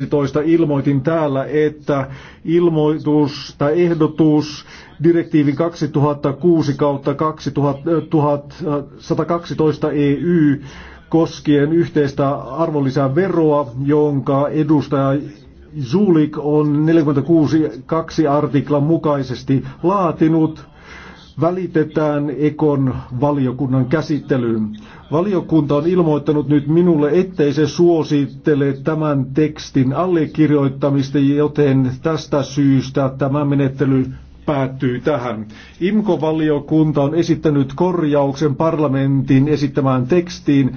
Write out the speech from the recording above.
2015 ilmoitin täällä, että ilmoitus tai ehdotus direktiivin 2006 kautta 112 EY koskien yhteistä arvonlisäveroa, jonka edustaja Zulik on 46.2 artiklan mukaisesti laatinut välitetään Ekon valiokunnan käsittelyyn. Valiokunta on ilmoittanut nyt minulle, ettei se suosittele tämän tekstin allekirjoittamista, joten tästä syystä tämä menettely päättyy tähän. IMKO-valiokunta on esittänyt korjauksen parlamentin esittämään tekstiin.